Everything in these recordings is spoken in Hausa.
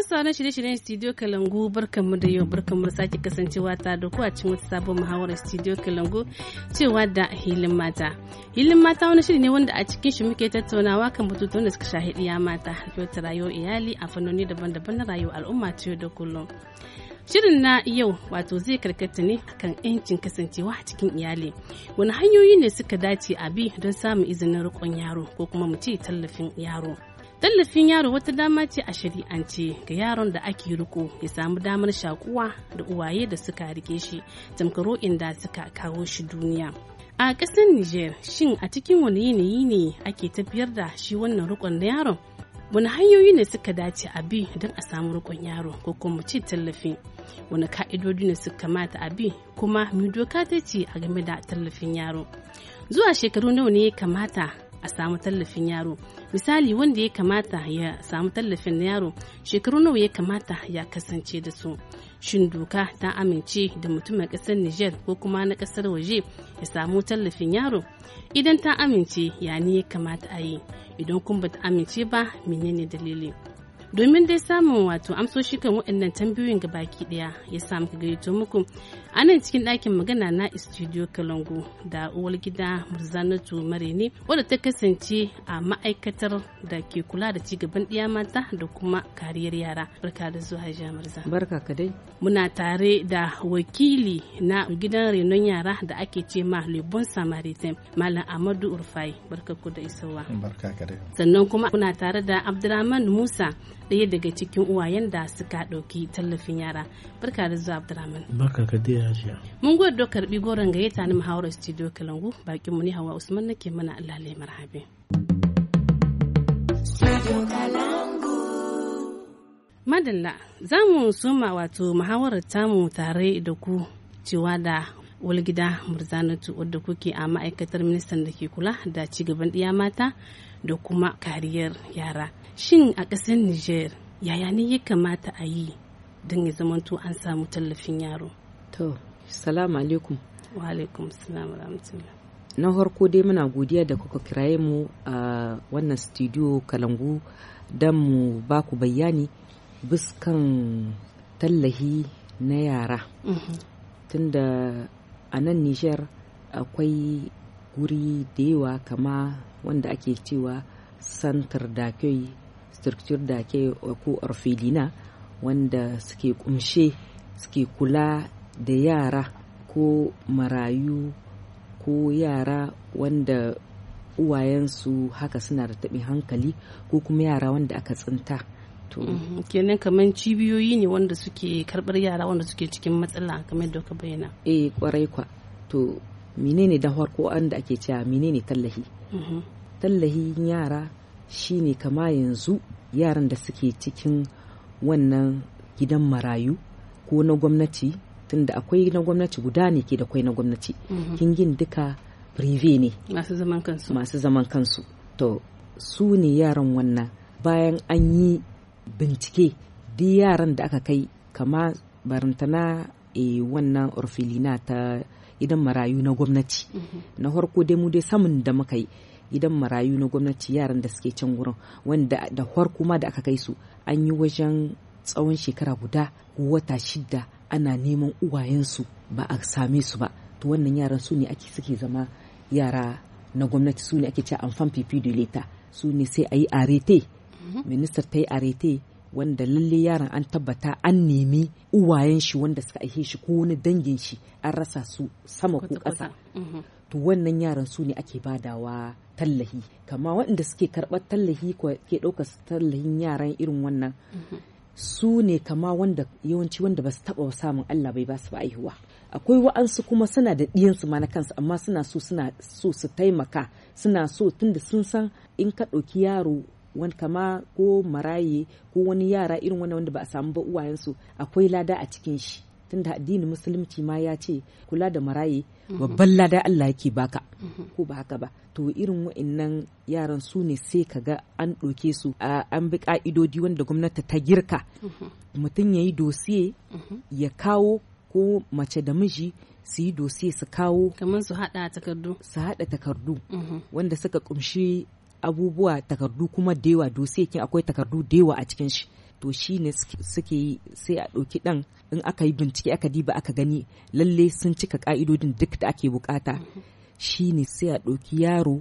Masu sauran shirye-shiryen Studio Kalangu barkanmu da yau barkanmu da sake kasancewa ta da a cikin wata sabon muhawarar Studio Kalangu cewa da hilin mata. Hilin mata wani shiri ne wanda a cikin shi muke tattaunawa kan batutuwan da suka shahi iya mata, ta rayuwar iyali a fannoni daban-daban na rayuwar al'umma ta yau da kullum. Shirin na yau wato zai karkata ne kan 'yancin kasancewa a cikin iyali. Wani hanyoyi ne suka dace a bi don samun izinin rikon yaro ko kuma mu ce tallafin yaro. tallafin yaro wata dama ce a shari'ance ga yaron da ake riko ya samu damar shakuwa da uwaye da suka rike shi tamkaro inda suka kawo shi duniya a ƙasar niger shin a cikin wani yanayi ne ake tafiyar da shi wannan rikon na yaron wani hanyoyi ne suka dace a bi don a samu rikon yaro ko kuma ce tallafi wani ka'idodi ne suka kamata a bi kuma mai doka ta ce a game da tallafin yaro zuwa shekaru nawa ne ya kamata a samu tallafin yaro misali wanda ya kamata ya samu tallafin yaro shekaru nawa ya kamata ya kasance da su shin doka ta amince da mutumin ƙasar niger ko kuma na ƙasar waje ya samu tallafin yaro idan ta amince ya ne ya kamata a yi idan kun ta amince ba menene dalili domin dai samun wato amsoshi kan waɗannan tambayoyin ga baki ɗaya ya samu ka gayyato muku a nan cikin ɗakin magana na studio kalangu da uwar gida murzanatu marene wadda ta kasance a ma'aikatar da ke kula da cigaban ɗiya mata da kuma kariyar yara barka da zuwa hajiya murza barka ka dai muna tare da wakili na gidan renon yara da ake ce ma lebon samaritan malam amadu urfai barka ku da isowa sannan kuma muna tare da abdulrahman musa ɗaya daga cikin uwayen da suka ɗauki tallafin yara barka da zuwa abdurrahman barka ka dai hajiya mun gwada da karbi goron gayyata na muhawarar studio kalangu bakin mu ni hawa usman nake mana allah lai marhabi madalla za mu soma wato muhawarar tamu tare da ku cewa da walgida murzanatu wadda kuke a ma'aikatar ministan da ke kula da cigaban ɗiya mata da kuma kariyar yara shin a ƙasar niger yaya ne ya kamata a yi don ya zamanto an samu tallafin yaro to salamu alaikum wa alaikum salamu na harko dai muna godiya da kuka kiraye mu a wannan studio kalangu don mu ba ku bayani biskan tallahi na yara mhm. tunda a nan niger akwai guri da yawa kama wanda ake cewa santar da ke structure da ke ko orfelina wanda suke kumshe suke kula da yara ko marayu ko yara wanda uwayensu haka suna da taɓin hankali ko kuma yara wanda aka tsinta to mhm. kenan kamar cibiyoyi ne wanda suke karɓar yara wanda suke cikin matsala kamar da ka bayyana eh kwarai kwa to menene da farko an da ake cewa menene tallahi mm-hmm. tallahin yara shine kama yanzu yaran da suke cikin wannan gidan marayu ko na gwamnati tunda akwai na gwamnati guda ne ke da kwai na gwamnati mm-hmm. kingin duka prive ne masu zaman kansu masu zaman kansu to su ne yaran wannan bayan an yi bincike duk yaran da aka kai kama barantana e, wannan orfilina ta idan marayu na gwamnati na farko dai mu dai samun da muka yi idan marayu na gwamnati yaran da suke can wurin wanda da farko ma da aka kai su an yi wajen tsawon shekara guda ko wata shida ana neman uwayensu ba a same su ba to wannan yaran su ne ake suke zama yara na gwamnati su ne ake ce amfan pipi leta su ne sai a yi arete mhm. ministar ta yi arete wanda lalle yaron an tabbata an nemi uwayen shi wanda suka aihe shi ko wani dangin shi an rasa su sama ko ƙasa mm-hmm. to wannan yaran su ne ake badawa tallahi kama waɗanda suke karɓar tallahi ke ɗaukar tallahin yaran irin wannan mm-hmm. su ne kama wanda yawanci wanda ba su taɓa samun Allah bai ba su ba aihuwa akwai wa'ansu kuma suna da ɗiyansu ma na kansu amma suna so suna so su taimaka suna so tunda sun san in ka ɗauki yaro wani kama ko maraye ko wani yara irin wani wanda ba a samu ba uwayensu akwai lada a cikin shi tunda addinin musulunci ma ya ce kula da maraye mhm. babban lada Allah yake baka mhm. ko ba haka ba to irin wa'annan yaran su ne sai kaga an ɗauke su an bi ka'idodi wanda gwamnati ta girka mhm. mutum ya yi dosiye ya kawo ko mace da miji su yi dosiye su kawo kamar su haɗa takardu su haɗa takardu wanda suka kumshi abubuwa takardu kuma da yawa kin akwai takardu da a cikin shi to shi ne suke yi sai a ɗauki ɗan in aka yi bincike aka diba aka gani lalle sun cika ka'idodin duk da ake bukata shi ne sai a ɗauki yaro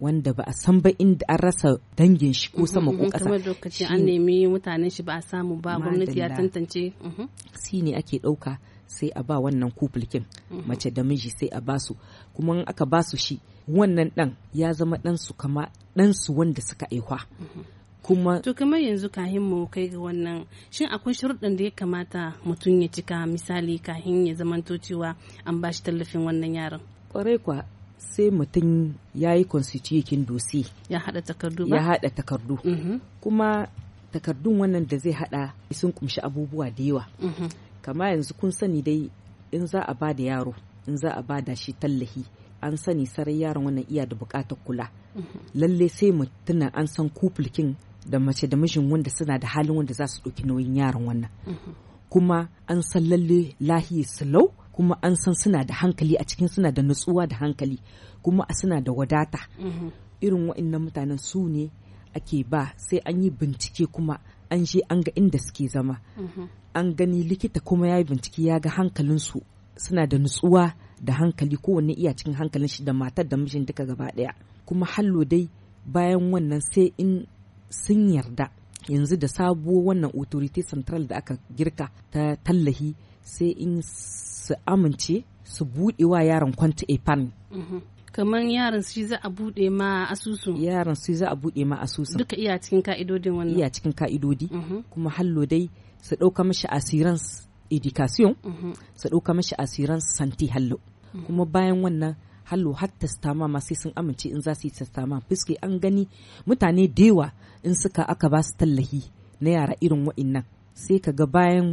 wanda ba a san ba inda an rasa dangin shi ko sama ko mm-hmm. ƙasa. Kamar lokaci an nemi mutanen shi ba a samu ba gwamnati ya tantance. Mm-hmm. shi ne ake ɗauka sai a ba wannan kufulkin mm-hmm. mace da miji sai a basu kuma in aka basu shi wannan ɗan ya zama ɗansu kama ɗansu wanda suka aihwa kuma to kamar yanzu kahin mu kai ga wannan shin akwai sharuɗan da ya kamata mutum ya cika misali kahin ya zamanto cewa an bashi tallafin wannan yaron kwarai kwa sai mutum ya yi constitution dosi ya haɗa takardu ba. ya haɗa takardu mm -hmm. kuma takardun wannan da zai haɗa sun kumshi abubuwa da yawa mm -hmm. kama yanzu kun sani dai in za a ba da yaro in za a ba da shi tallahi an sani sarai yaron wannan iya da bukatar kula mhm. lalle sai mu tuna an san kuplikin da mace da mijin wanda suna da halin wanda za su ɗauki nauyin yaron wannan mhm. kuma an san lalle lahiyi lau kuma an san suna da hankali a cikin suna da nutsuwa da hankali kuma a suna da wadata mhm. irin wa'annan mutanen su ne ake ba sai an yi bincike kuma an je an ga inda suke zama an gani likita kuma ya yi bincike ya ga hankalinsu suna da nutsuwa da hankali kowanne iya cikin hankalin shi da matar da mijin duka gaba daya kuma hallo dai bayan wannan sai in sun yarda yanzu da sabuwar wannan authority central da aka girka ta tallahi sai in su amince su buɗe wa yaron kwanta fan mhm. kamar yaron su za a buɗe ma asusu yaron su za a buɗe ma asusu duka iya cikin ka'idodin wannan iya cikin ka'idodi mhm. kuma hallo dai su ɗauka mashi asiransu. education mm-hmm. su ɗauka mashi asiran santi hallo mm. kuma bayan wannan hallo har testama ma sai sun amince in za su yi testama fiske an gani mutane da yawa in suka aka ba su tallahi na yara irin wa'innan sai ka ga bayan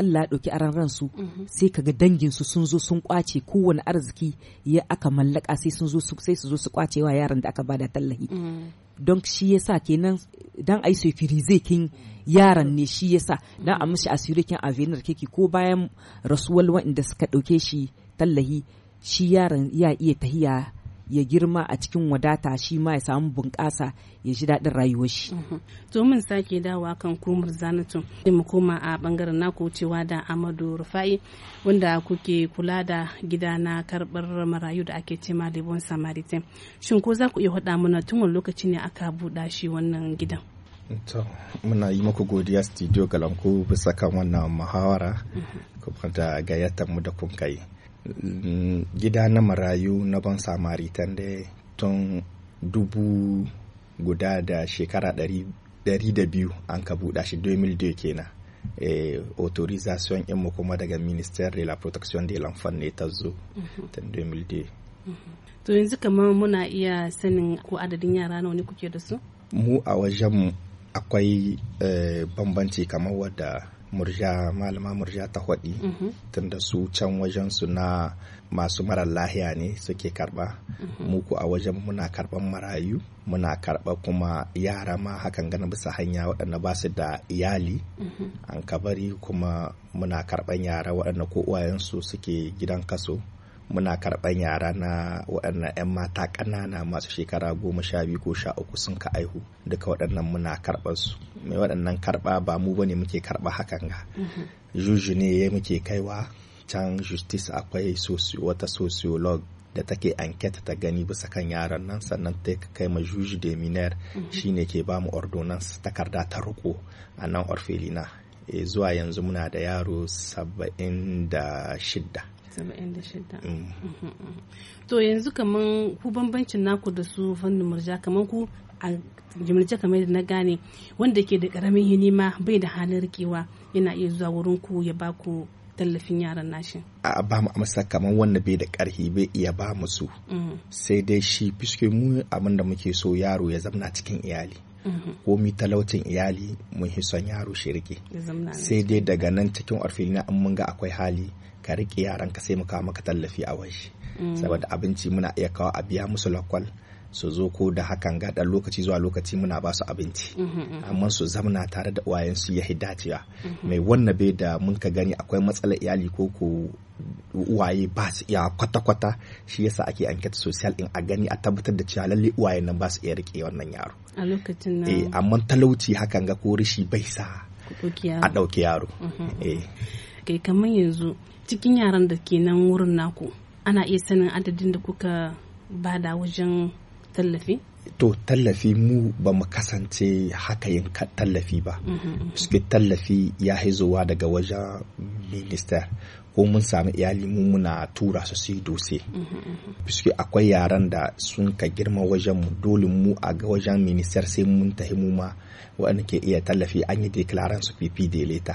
Allah ya ɗauki aran ransu mm-hmm. sai dangin su sun zo sun kwace kowane arziki ya aka mallaka sai sun zo sai su zo su kwace wa yaran da aka bada tallahi mm. don shi yasa kenan dan ai securize kin yaran ne shi yasa dan a mishi asiri kin avenar kiki ko bayan rasuwar wa'inda suka dauke shi tallahi shi yaran ya iya tahiya ya girma a cikin wadata shi ma ya samu bunƙasa ya ji daɗin rayuwar shi. Mhm. To mun sake dawowa kan kumar zanatun. da mu koma a bangaren naku cewa da Amadu Rufai wanda kuke kula da gida na karɓar marayu da ake cema Libon Samaritan. Shin ko za ku iya faɗa mana tun wani lokaci ne aka buɗa shi wannan gidan? To, muna yi muku godiya studio galanku bisa kan wannan muhawara mhm. kuma da gayyatar mu da kun kai. gida na marayu na ban samaritan da tun dubu guda da shekara dari da biyu an ka buɗa shi 2002 kenan eh, autorisation mu kuma daga minister de la protection de l'enfant ne ta zo mhm. ta 2002 mhm. to yanzu kamar muna iya sanin ko adadin yara nawa ne kuke da su mu a wajen akwai eh, bambanci kamar wadda murja malama murja ta hwaɗi mhm. tunda su can wajen su na masu mara lahiya ne suke karba muku mhm. a wajen muna karban marayu muna karba kuma yara ma hakan gana bisa hanya waɗanda ba su da iyali mhm. an kabari kuma muna karban yara waɗanda ko uwayensu suke gidan kaso muna karɓan yara na waɗannan 'yan mata ƙanana masu shekara goma sha biyu ko sha uku sun ka aihu duka waɗannan muna karɓar su mai waɗannan karɓa ba mu bane muke karɓa hakan ga mhm. juju ne ya muke kaiwa can justice akwai wata sociolog da take enquete ta gani bisa kan yaran nan sannan ta kai ma juju de miner mhm. shine ke ba mu ordonance takarda ta roƙo a nan orfelina eh, zuwa yanzu muna da yaro saba'in da shidda 76 mm. mm-hmm. to yanzu kaman ku bambancin naku da su fannin murja kaman ku a jimirce kamar da na gane wanda ke da karamin hinima bai da halin rikewa yana iya zuwa wurin ku ya ba ku tallafin yaran nashi a ba mu amsa kamar wanda bai da karhi bai iya ba mu su mm. sai dai shi fiske mu abin da muke so yaro ya zamna cikin iyali mm-hmm. ko mi talaucin iyali mun hison yaro shi rike sai dai daga nan cikin na an mun ga akwai hali ka riƙe yaran ka sai mu kawo maka tallafi a waje mm. saboda abinci muna iya kawo a biya musu lakwal su zo ko da hakan ga dan lokaci zuwa lokaci muna ba su abinci mm-hmm, mm-hmm. amma su zamna tare da uwayensu ya dacewa mm-hmm. mai wannan bai da mun ka gani akwai matsalar iyali ko ko uwaye ba su iya kwata-kwata shi yasa ake anketa social in a gani a tabbatar da cewa lalle uwayen nan ba su iya rike wannan yaro a lokacin nan eh amma talauci hakan ga ko rishi bai sa a ɗauki yaro eh kai kamar yanzu cikin yaran da ke nan wurin naku ana iya sanin adadin da kuka bada wajen tallafi to tallafi mu ba mu kasance haka yin tallafi ba mm-hmm, mm-hmm. suke tallafi ya haizowa daga wajen minister ko mun sami iyali mu muna tura su su dose biski akwai yaran da sun ka girma wajen mu dole mu a ga wajen ministar sai mun tahi mu ma waɗanda ke iya tallafi an yi declaran su pp da leta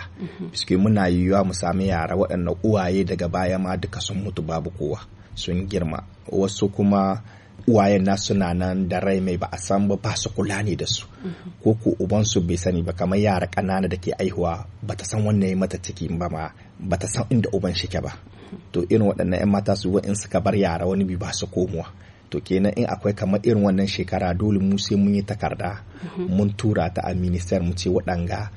biski uhm, uhm. muna yiwuwa mu sami yara waɗanda uwaye daga baya ma duka sun mutu babu kowa sun girma wasu kuma uwayen na suna nan da rai mai ba a san ba ba su kula ne da su ko ko su bai sani ba kamar yara ƙanana da ke aihuwa ba ta san wannan ya mata ciki ba ma ba ta san inda uban shi ba to irin waɗannan 'yan mata su wa'in suka bar yara wani bi ba su komowa to kenan in akwai kamar irin wannan shekara dole mu sai mun yi takarda mun tura ta a minister mu ce waɗanga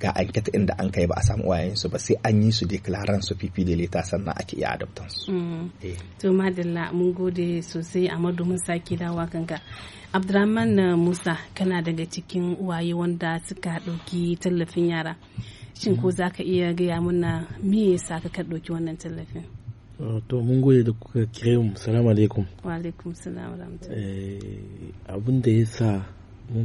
ga enquete inda an kai ba a samu wayansu ba sai an yi su declaran su fifi da leta sannan ake iya adabtan su. Mm. Eh. To madalla mun gode sosai a madomin sake dawa kanka. abdulrahman eh, Musa kana daga cikin waye wanda suka ɗauki tallafin yara. Shin ko za ka iya gaya mana me yasa ka ɗauki wannan tallafin? Ah, to mun gode da kuka kire mu salamu alaikum wa alaikum salam rahmatullahi eh, abin da yasa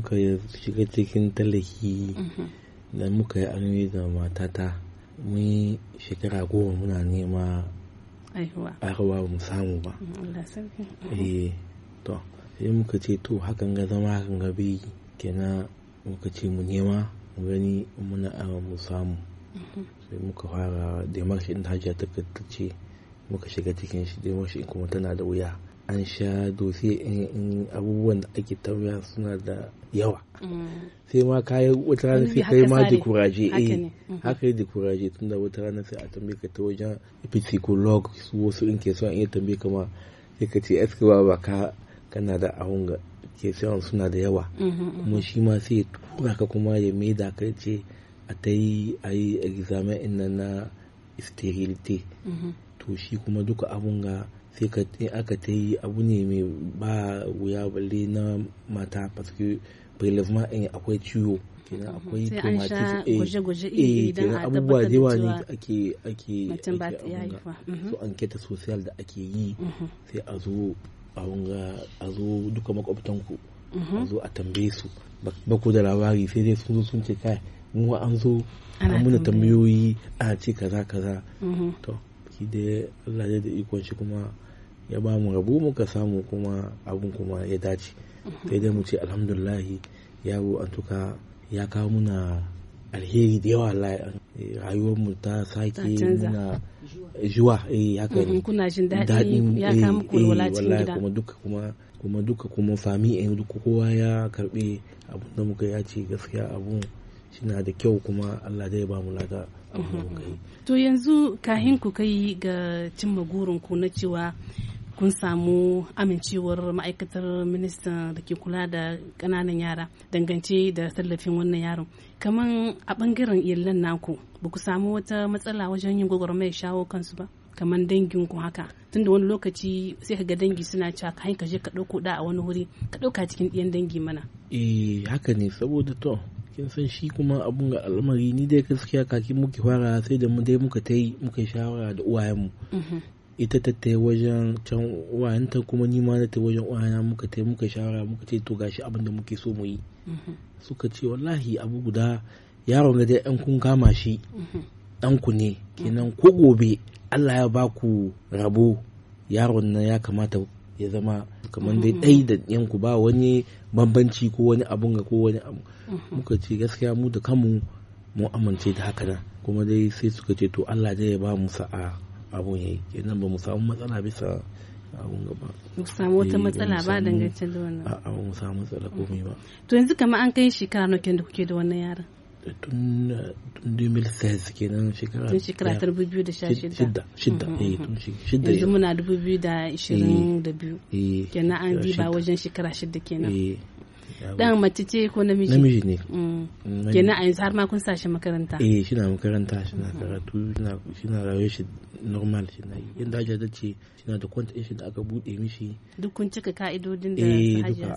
ka shiga cikin tallafi mm-hmm. da muka yi aure da matata mun yi shekara goma muna nema aihuwa mu samu ba mm, eh to sai muka ce to hakan ga zama hakan ga bi kenan muka ce mu nema mu gani muna aure mu samu mm-hmm. sai muka fara da marshin shi ta ce muka shiga cikin shi da shi kuma tana da wuya an sha dose in abubuwan da ake tauya suna da yawa mm. sai ma kayan wata rana sai kai ma da kuraje eh mm-hmm. haka yi da kuraje tunda wata rana sai a tambaye ka ta wajen psycholog su wasu in ke so an yi tambaye ka ma sai ka ce eski ba ba ka kana da ahun ga ke sayan suna da yawa mm-hmm, mm-hmm. kuma shi ma sai tura ka kuma ya mai da kai ce a ta yi a yi examen na sterility to shi kuma duka abun ga sai ka aka ta yi abu ne mai ba wuya balle na mata paske prelevement in eh, akwai ciwo kenan akwai eh, eh, a a kenan abubuwa da yawa ne ake ake so anketa mm-hmm. social da ake yi mm-hmm. sai a zo a wanga a zo duka makwabtanku a mm-hmm. zo a tambaye su ba ku da labari sai dai sun zo sun ce kai mu an zo an muna tambayoyi a ce kaza kaza to baki da Allah ne da ikon shi kuma ya ba mu rabu muka samu kuma abun kuma ya dace ta mhm. dai mu ce ya yaro an tuka ya kawo muna alheri da yawa rayuwar mu ta sake muna zuwa eh kai ne mhm, kuna jin daɗi ya eh, kawo muku walwala eh, cikin gida kuma duka kuma kuma duka kuma fami eh duka kowa ya karbe abun da muka ya ce gaskiya abun na da kyau kuma Allah zai ba mu lada to yanzu kahin ku kai ga cimma gurin ku na cewa kun samu amincewar ma'aikatar ministan da ke kula da kananan yara dangance da tallafin wannan yaron kamar a bangaren iyalan naku ba ku samu wata matsala wajen yin gwagwarmayar shawo kansu ba kamar dangin ku haka tunda wani lokaci sai ka ga dangi suna cewa ka ka je ka ɗauko da a wani wuri ka ɗauka cikin ɗiyan dangi mana eh haka ne saboda to kin san shi kuma abun ga al'amari ni dai gaskiya kaki muke fara sai da mu dai muka ta yi muka shawara da uwayenmu mm-hmm. ita ta ta wajen can uwayenta kuma ni ma ta wajen uwayena muka ta muka shawara muka ce to gashi abin da muke so mu yi mm-hmm. suka ce wallahi abu guda yaron ga dai an kun kama shi dan mm-hmm. ku ne kenan ko gobe Allah ya baku rabo yaron nan ya kamata ya zama kamar dai ɗai da yanku ba wani bambanci ko wani abun ga ko wani abu mhm. muka ce gaskiya mu da kanmu mu amince da haka nan kuma dai sai suka ce to Allah zai ba mu sa'a abun yayi kenan ba mu samu matsala bisa abun gaba mu samu wata eh, matsala ba dangance da wannan a'a mu samu matsala komai ba to yanzu kamar an kai shekara nawa da kuke da wannan yaron tun 2016 kenan shekara tun shekara ta shida. Shida. Shida. tun shidda yanzu muna 2022 kenan an diba wajen shekara shida. kenan dan mace ce ko namiji namiji ne kenan a yanzu har ma kun sa makaranta eh shi makaranta shi karatu rayuwar shi normal shi na yadda hajiya ce da kwanta shi da aka bude mishi duk kun cika ka'idodin da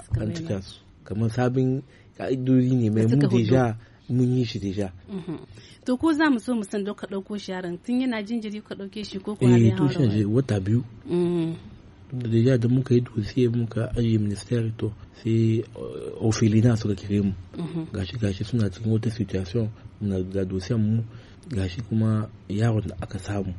suka mai kamar sabin ka'idodi ne mai mu deja mun yi shi deja. Mhm. To ko za mu so mu san ka ɗauko shi yaron tun yana jinjiri ka ɗauke shi ko kuma har eh, ya haura. wata biyu. Mhm. Da deja da muka yi dosiye muka ajiye ministeri to sai eh, ofilina suka kire mu. Mhm. Gashi gashi suna cikin wata situation na da dosiyan mu gashi kuma yaron da aka samu.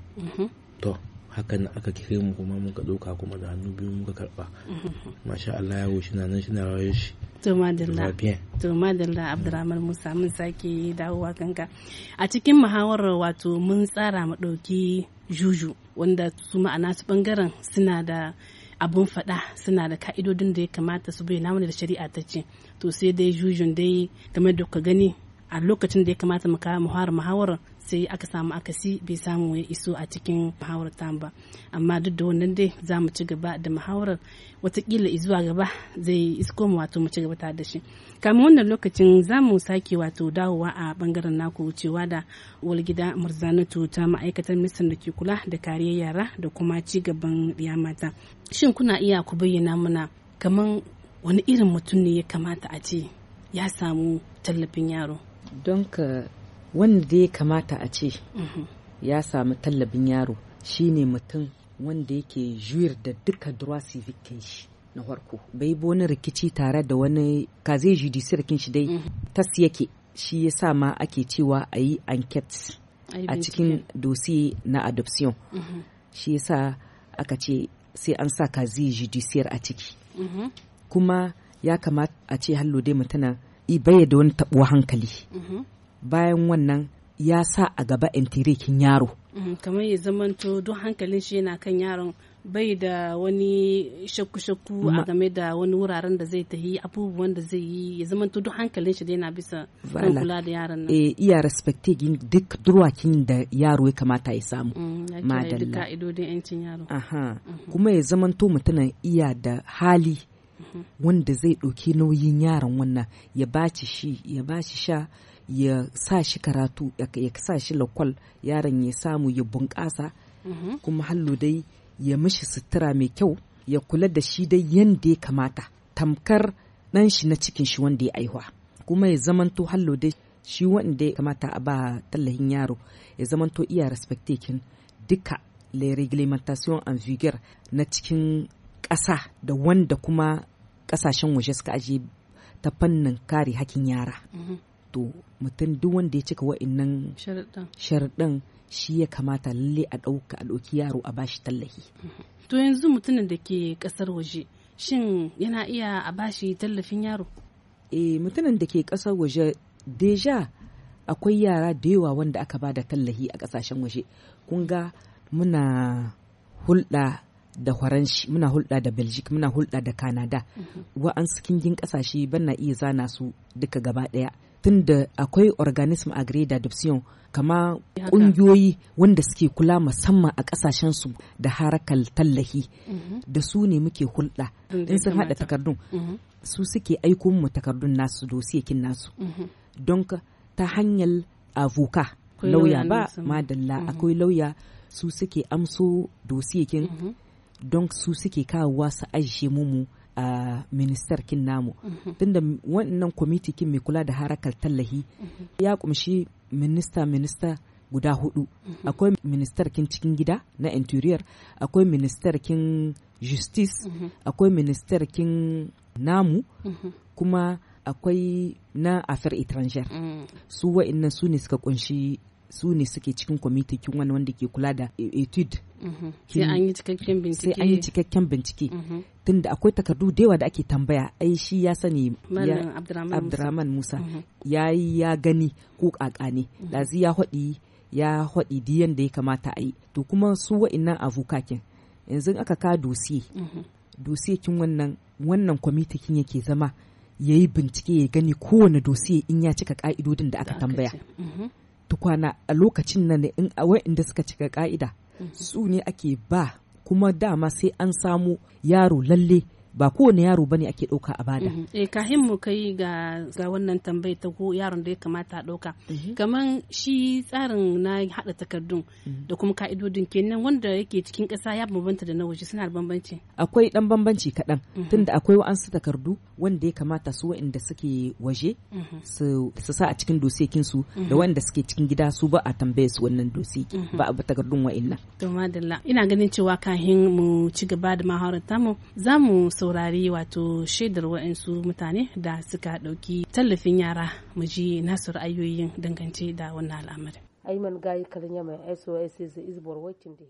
hakan aka kire mu kuma muka ɗauka kuma da hannu biyu muka karba masha Allah ya shi nan shi na rayuwar shi to madalla to madalla abdurrahman musa mun sake dawowa kanka a cikin muhawarar wato mun tsara mu dauki juju wanda su ma'ana su bangaren suna da abun fada suna da ka'idodin da ya kamata su bai mana da shari'a ta ce to sai dai jujun dai game da ka gani a lokacin da ya kamata mu kawo muhawarar sai aka samu akasi bai samu ya iso a cikin muhawarar ta ba amma duk da wannan dai za mu ci gaba da muhawarar watakila zuwa gaba zai isko mu wato mu ci gaba tare da shi kamin wannan lokacin za mu sake wato dawowa a bangaren naku cewa da walgida murzanatu ta ma'aikatar ministan da ke kula da kariyar yara da kuma ci gaban ya mata shin kuna iya ku bayyana mana kamar wani irin mutum ne ya kamata a ce ya samu tallafin yaro don ka wanda ya kamata a ce mm-hmm. ya samu tallabin yaro shine mutum wanda yake juyar da duka droit civic shi na farko bai bi wani rikici tare da wani zai judiciaire kin shi dai mm-hmm. tas yake shi ya sa ma ake cewa a yi enquete a cikin dossier na adoption mm-hmm. shi ya sa aka ce sai an sa zai judiciaire a ciki kuma ya kamata a ce hallo dai mutuna i da wani taɓuwa hankali bayan wannan ya sa a gaba intirikin yaro mm, kamar ya zamanto don hankalin shi yana kan yaron bai da wani shakku-shakku a game da wani wuraren da zai tafi abubuwan da zai yi ya zama duk hankalin shi yana bisa kan kula da yaron nan eh iya respecte duk durwakin da yaro ya kamata ya samu mm, madalla ka'idodin yancin yaro aha mm-hmm. kuma ya zama to mutumin iya da hali mm-hmm. wanda zai ɗauki nauyin yaron wannan ya baci shi ya baci sha ya sa shi karatu ya sa shi lokwal yaron ya samu ya bunƙasa mm-hmm. kuma hallo dai ya mishi sutura mai kyau ya kula da shi dai yadda ya kamata tamkar ɗan shi na cikin shi wanda ya aihuwa kuma ya zamanto hallo dai shi wanda ya kamata a ba tallahin yaro ya zamanto iya respectakin duka le reglementation en vigueur na cikin ƙasa da wanda kuma ƙasashen waje suka aje ta fannin kare hakin yara. Mm-hmm. to mutum duk wanda ya cika wa'annan sharaɗin shi ya kamata lalle a ɗauka a ɗauki yaro a bashi tallafi. To yanzu mutumin da ke ƙasar waje shin yana iya a bashi tallafin yaro? E mutumin da ke ƙasar waje deja akwai yara da yawa wanda aka ba da tallafi a ƙasashen waje. Kun ga muna hulɗa da Faransh muna hulɗa da Belgium muna hulɗa da canada mhm. wa'ansu kingin ƙasashe ban na iya zana su duka gaba ɗaya tunda akwai organism agri da adoption kama ƙungiyoyi wanda suke kula musamman a ƙasashensu da harakar tallahi mhm. da su ne muke hulɗa in sun haɗa takardun mhm. su suke aiko mu takardun nasu dosiyakin nasu mhm. don ta hanyar avoka lauya ba madalla akwai lauya su suke amso dosiyakin don su suke kawo su ajiye mumu. a ministar kin namu mhm. tunda wannan kwamiti kin mai kula da harakar tallahi mhm. ya kumshi minista minista guda hudu mhm. akwai ministar kin cikin gida na interior akwai ministar kin justice akwai ministar kin namu kuma akwai na affaires étrangères mm. su wa'annan su ne suka kunshi su ne suke cikin kwamitikin wani wanda ke kula da e, etude mhm. sai an yi cikakken bincike sai an mhm. tunda akwai takardu da yawa da ake tambaya ai shi ya sani abdurrahman musa mhm. ya yi ya gani ko kaka ne ya haɗi ya haɗi diyan da ya kamata a yi to kuma su wa'innan avukakin yanzu aka ka dosiye dosiye kin wannan wannan kwamitikin yake zama ya yi bincike ya gani kowane dosiye in ya cika ka'idodin da aka tambaya. tukwana a lokacin nan ne in inda suka cika ka'ida mm-hmm. su ne ake ba kuma dama sai an samu yaro lalle ba kowane yaro bane ake ɗauka a bada. Mhm. Eh kahin mu kai ga ga wannan tambayar ta ko yaron da ya kamata a ɗauka. Mhm. Kaman shi tsarin na haɗa takardun mhm. da kuma ka'idodin kenan wanda yake cikin ƙasa ya bambanta da na waje suna da bambanci. Akwai ɗan bambanci kaɗan tunda akwai wa'ansu takardu wanda ya kamata su wa'inda suke waje su sa a cikin dosekin su da wanda suke cikin gida su ba a tambaye su wannan doseki ba a takardun wa'inna. To ina ganin cewa kahin mu ci gaba da mahaurata mu za mu saurari wato shaidar wa'insu mutane da suka ɗauki tallafin yara mu ji nasu ra'ayoyin dangance da wannan al'amarin. Aiman Gayi Kalnya mai SOS is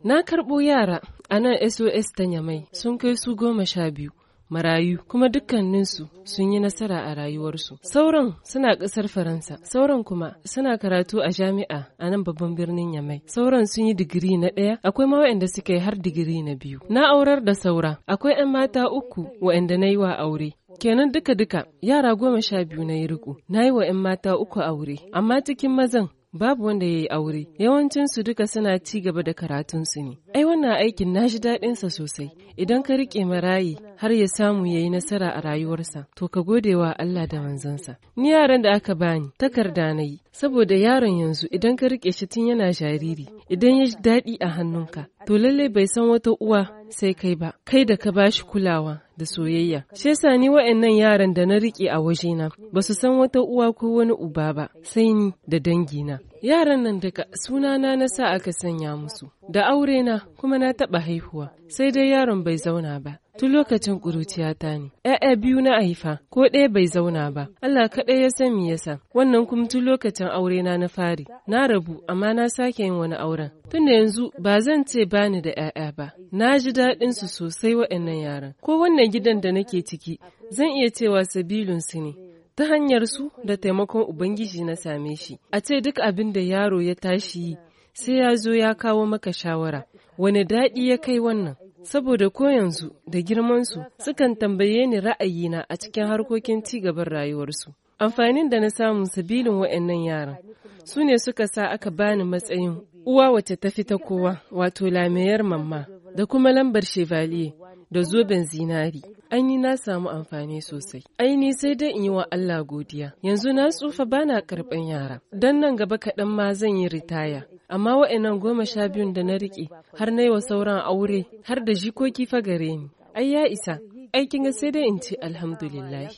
Na karɓo yara a nan SOS ta Nyamai sun kai su goma sha biyu. marayu kuma dukkaninsu sun yi nasara a rayuwarsu sauran suna ƙasar faransa sauran kuma suna karatu a jami'a a nan babban birnin yamai sauran sun yi digiri na ɗaya akwai ma waɗanda suka yi har digiri na biyu na aurar da saura akwai 'yan mata uku waɗanda na yi wa aure kenan duka-duka yara goma sha biyu na yi riko na yi wa 'yan mata uku aure amma cikin mazan babu wanda ya yi aure yawancinsu duka suna ci gaba da karatunsu ne ai wannan aikin na ji daɗinsa sosai idan ka riƙe marayi har ya samu ya yi nasara a rayuwarsa to ka gode wa Allah da manzansa ni yaran da aka bani takarda na yi saboda yaron yanzu idan ka riƙe shi tun yana jariri idan ya ji daɗi a hannunka to lallai bai san wata uwa sai kai ba kai da ka bashi kulawa da soyayya. Shi yasa ni wa'annan yaran da na riƙe a wajena ba su san wata uwa ko wani uba ba sai ni da dangina. Yaran nan daga sunana na sa aka sanya musu, da aure na kuma na taɓa haihuwa, sai dai yaron bai zauna ba. Tun lokacin ƙuruciyata ne. ‘Ya'ya biyu na haifa, ko ɗaya bai zauna ba. Allah kaɗai ya san me yasa. Wannan kuma tun lokacin aure na na fari. Na rabu, amma na sake yin wani auren. Tun yanzu ba zan ce bani da ‘ya'ya ba. Na ji daɗin su sosai waɗannan yaran. Ko wannan gidan da nake ciki, zan iya cewa sabilun su ne. Ta hanyar su da taimakon Ubangiji na same shi. A ce duk abin da yaro ya tashi yi, sai ya zo ya kawo maka shawara. Wani daɗi ya kai wannan? saboda ko yanzu da girmansu sukan tambaye ni ra'ayina a cikin harkokin ci gaban rayuwarsu. Amfanin da na samu sabilin wa'annan yaran su ne suka sa aka bani matsayin uwa wacce ta fita kowa wato lamayar mamma da kuma lambar chevalier da zoben zinari. aini na samu amfani sosai. Aini sai dai in yi wa Allah godiya. Yanzu na tsufa bana karɓan yara. Dan nan gaba kaɗan ma zan yi ritaya. Amma wa'annan goma sha biyun da na riƙe har na yi wa sauran aure har da jikoki fa gare ni. Ai ya isa, aikin ga sai dai in ce alhamdulillah.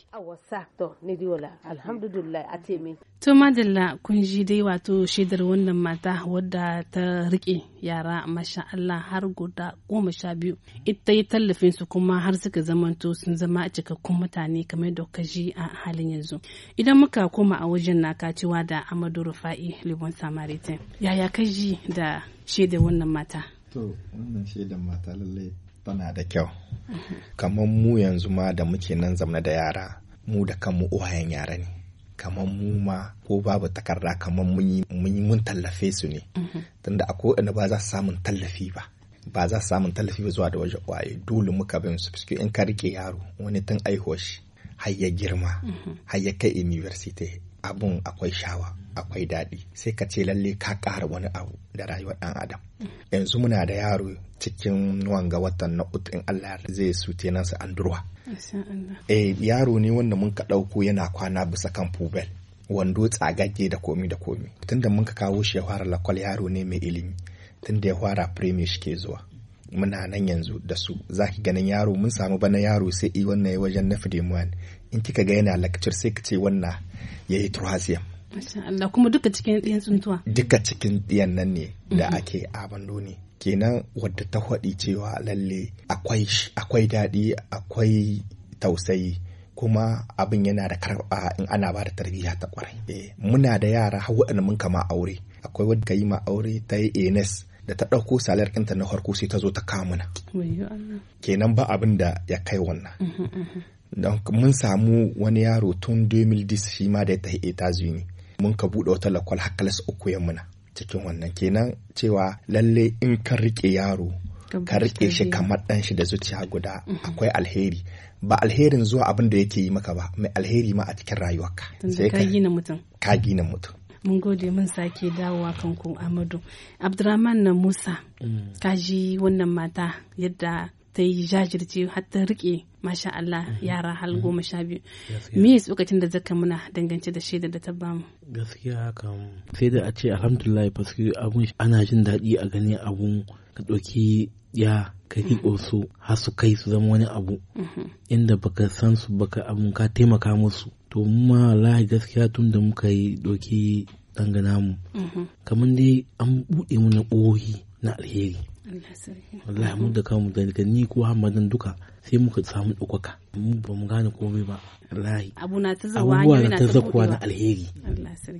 To madalla kun ji dai wato shaidar wannan mata wadda ta rike yara masha Allah har guda goma sha biyu. Ita yi tallafin su kuma har suka zamanto sun zama cikakkun mutane kamar da ka ji a halin yanzu. Idan muka koma a wajen na kacewa da Amadu Rufa'i Libon Samaritan. Yaya ka ji da shaidar wannan mata? To wannan shaidar mata lallai Tana da kyau. Kamar mu yanzu ma da muke nan zamna da yara, mu da kanmu uwayen yara ne. Kamar mu ma ko babu takarda kamar mun yi mun tallafe su ne. Tunda a ko ba za su samun tallafi ba. Ba za su samun tallafi ba zuwa da waje uwaye. Dole muka bin su in ka rike yaro wani tun aihuwa shi. har ya girma har ya kai university abun akwai shawa akwai daɗi sai ka ce lalle ka ƙara wani abu da rayuwar ɗan adam yanzu muna da yaro cikin wanga watan na in Allah zai su tenansa andurwa eh yaro ne wanda mun ka ɗauko yana kwana bisa kan pubel wando tsagagge da komi da komi tunda mun ka kawo shi ya fara lakwal yaro ne mai ilimi tunda ya fara premier shi ke zuwa muna nan yanzu da su za ki ganin yaro mun samu bana yaro sai i wannan ya wajen na fidemuwan in kika ga yana lakcir sai ka ce wannan ya yi turhasiyam Allah kuma duka cikin ɗiyan tsuntuwa duka cikin ɗiyan nan ne da mm-hmm. ake abando ne kenan wadda ta haɗi cewa lalle akwai akwai daɗi akwai tausayi kuma abin yana da karɓa in ana ba da tarbiyya ta kwarai eh, muna da yara har waɗanda mun kama aure akwai wadda ka yi ma aure ta yi enes da ta ɗauko salar ɗinta na farko sai ta zo ta kawo mana kenan ba abin da ya kai wannan mhm, mhm. don mun samu wani yaro tun 2010 shi ma da ya tafi etazuni mun ka buɗe wata lakwal hakalas uku ya muna cikin wannan kenan cewa lalle in ka riƙe yaro ka riƙe shi kamar ɗan shi da zuciya guda mhm. akwai alheri ba alherin zuwa abin da yake yi maka ba mai alheri ma a cikin rayuwarka sai ka gina mutum ka gina mutum mun gode mun sake dawowa kanku amadu abdurrahman na musa mm. Ka ji wannan mata yadda ta yi jajirce har ta rike masha Allah mm-hmm. yara hal mm-hmm. goma sha biyu me ya tsokacin da zaka muna dangance da shaidar da ta bamu gaskiya kam sai da a ce alhamdulillah paske abun ana jin daɗi a gani abun ka ɗauki ya ka riƙo su har su kai su zama wani abu mm-hmm. inda baka san su baka abun ka taimaka musu to ma wallahi gaskiya tun da muka yi doki dangana mu mhm. kamar dai an buɗe mu na ɓohi na alheri wallahi mun mhm. da mu da ni ko hamadan duka sai muka samu ɗaukaka mu ba mu gane komai ba wallahi abu na ta zawa abubuwa na ta zakuwa na alheri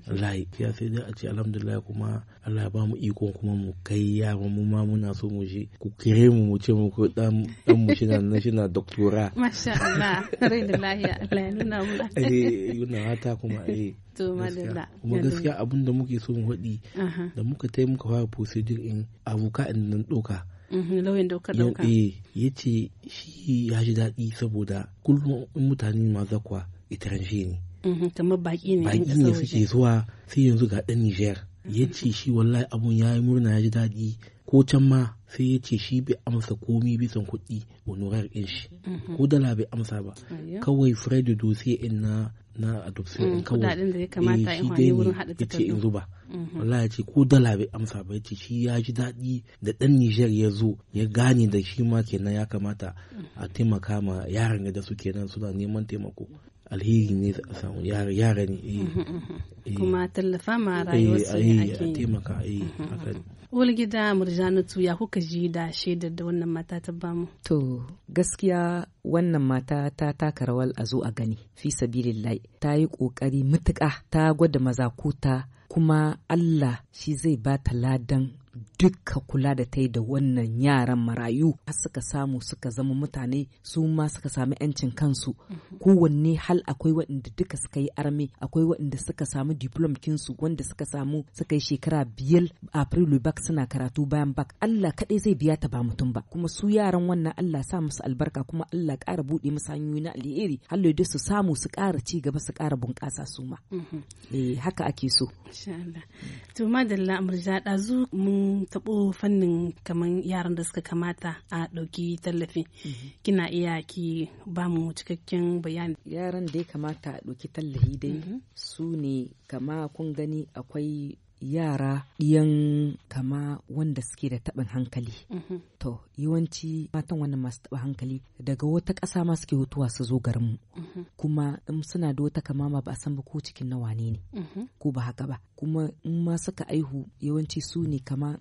wallahi ya sai dai a ce alhamdulillah kuma Allah ya ba mu iko kuma mu kai yaran mu ma muna so mu shi ku kire mu mu ce mu ko dan dan mu shi na na doctora masha Allah rai da lahiya Allah ya nuna mu eh yuna hata kuma eh to madalla kuma gaskiya abin da muke so mu faɗi da muka taimaka fara procedure in abuka in nan doka Mhm, lauyan daukar dauka eh, ya ce shi ya ji daɗi saboda kullum mutane maza kuwa itaranshi ne mhm, kamar baki ne baki ne suke zuwa sai yanzu ga ɗan Nijar ya ce mhm. shi wallahi abun ya yi murna ya ji daɗi ko can ma sai ya ce shi bai amsa komi bisan kuɗi honorar ɗin shi ko dala bai amsa ba kawai fred dosi in na na adopsi mm, in kawo kudaden da ya eh, kamata in wani wurin haɗa takardu in zuba mm-hmm. wallahi ce ko dala bai amsa ba yace shi ya ji daɗi da ɗan nijar ya zo ya gane da shi ma kenan ya kamata a mm. taimaka ma yaran da su kenan suna neman taimako alheri ne za a samu yara ne kuma tallafa ma su ne ake ya kuka ji da shaidar da wannan mata ta bamu. To gaskiya wannan mata ta taka rawar a zo a gani fi sabilillahi ta yi ƙoƙari mutuka ta gwada mazakuta kuma Allah shi zai ba ta ladan Duka kula da ta yi da wannan yaran marayu suka samu suka zama mutane su ma suka sami yancin kansu mhm. kowanne hal akwai waɗanda duka suka yi arme akwai waɗanda suka samu diplom kinsu wanda suka samu suka yi shekara biyar afrilu bak suna karatu bayan bak Allah kaɗai zai biya ta ba mutum ba kuma su yaran wannan Allah sa musu albarka kuma Allah ƙara buɗe musu hanyoyi na alheri Allah da su samu su ƙara ci gaba su ƙara bunƙasa su ma mhm. eh, haka ake so insha Allah to mun kin taɓo fannin kamar yaran da suka kamata a ɗauki tallafi mhm. kina iya ki ba mu cikakken bayani yaran da ya kamata a ɗauki tallafi dai mhm. su ne kama kun gani akwai yara ɗiyan kama wanda suke da taɓin hankali mhm. to yawanci matan wannan masu taɓa hankali daga wata ƙasa ma suke hutuwa su zo garinmu mhm. kuma in suna da wata kamama ba a san ba ko cikin na wane ne mhm. ko ba haka ba kuma in ma suka aihu yawanci su ne kama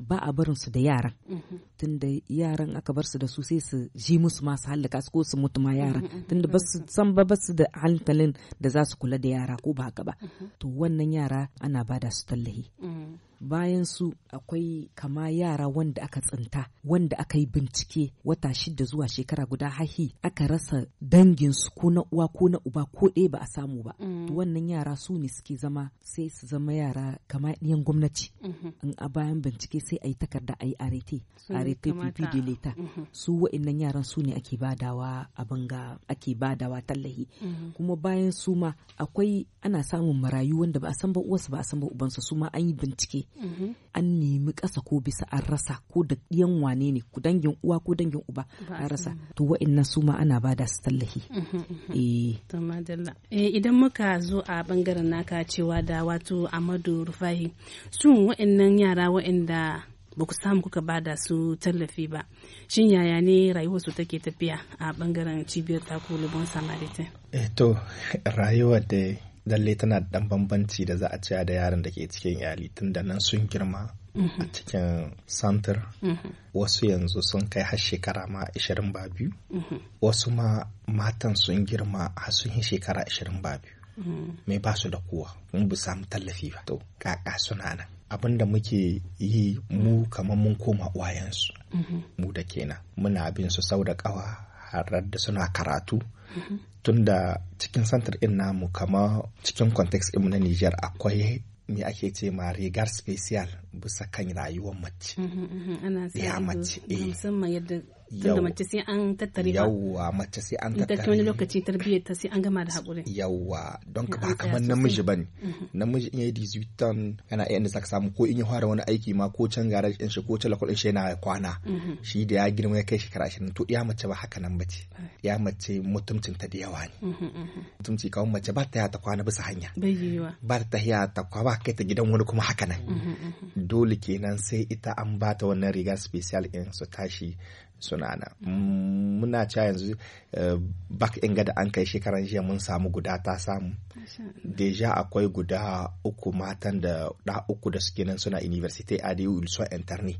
ba a barin su da yaran mhm. tunda yaran aka bar su da su sai su ji musu masu halaka su ko su mutu ma yaran tunda ba su san ba su da hankalin da za su kula da yara ko ba haka ba to wannan yara ana bada su tallahi mm. bayan su akwai kama yara wanda aka tsinta wanda aka yi bincike wata shida zuwa shekara guda hahi aka rasa danginsu ko na uwa ko na uba ko ɗaya ba a samu ba mm. wannan yara su ne suke zama sai su zama yara kama ɗiyan gwamnati mm-hmm. in a bayan bincike sai a yi takarda a yi arete arete pipi leta mm-hmm. su wa'annan yaran su ne ake badawa a banga ake badawa tallahi mm-hmm. kuma bayan su ma akwai ana samun marayu wanda ba a san ba uwarsu ba a san ba ubansu su ma an yi bincike Mhm. an nemi ƙasa ko bisa an rasa ko da ɗiyan wane ne ku dangin uwa ko dangin uba an rasa to wa'annan su ma ana bada su tallahi mhm, mhm. eh. eh, idan muka zo a bangaren naka cewa da wato amadu rufahi sun wa'annan yara wa'anda ba ku samu kuka ba da su tallafi ba shin yaya ne rayuwarsu take tafiya a bangaren cibiyar taku libon samaritan eh, to rayuwar da lalle tana dan bambanci da za a ciya da yaran da ke cikin iyali tun da nan sun girma a mm-hmm. cikin santar mm-hmm. wasu yanzu sun kai har shekara ma biyu mm-hmm. wasu ma matan sun girma har sun yi shekara biyu mai ba su da kowa mun bu samu tallafi ba to kaka suna nan abin da muke yi mu kamar mun koma wayansu mu da kenan muna bin su sau da kawa har da suna karatu tunda cikin santar ɗin namu kama cikin context ɗinmu na Nijar akwai me ake ce ma rigar special bisa kan rayuwar mace. Ana sai ya mace. Eh. Musamman yadda tunda mace sai an tattare yawwa mace sai an tattare ita wani lokaci tarbiyyar ta sai an gama da haƙuri yawwa don ka ba kamar namiji bane mhm. namiji in yayi dizitan yana iya inda zaka samu ko in ya fara wani aiki ma ko can garaj din shi ko talakul din shi yana kwana mhm. shi da ya girma ya kai shekara 20 to iya mace ba haka nan bace ya mace mutumcin ta da yawa ne mhm, mutumci kawai mace ba ta ta kwana bisa hanya ba ta ta kwana ba kai ta gidan wani kuma haka nan dole kenan sai ita an ba ta wannan riga special in su tashi suna nan muna cewa yanzu eh, back ga da an kai shekaran jiya mun samu guda ta samu deja akwai guda uku matan da da uku da suke nan suna university a da interne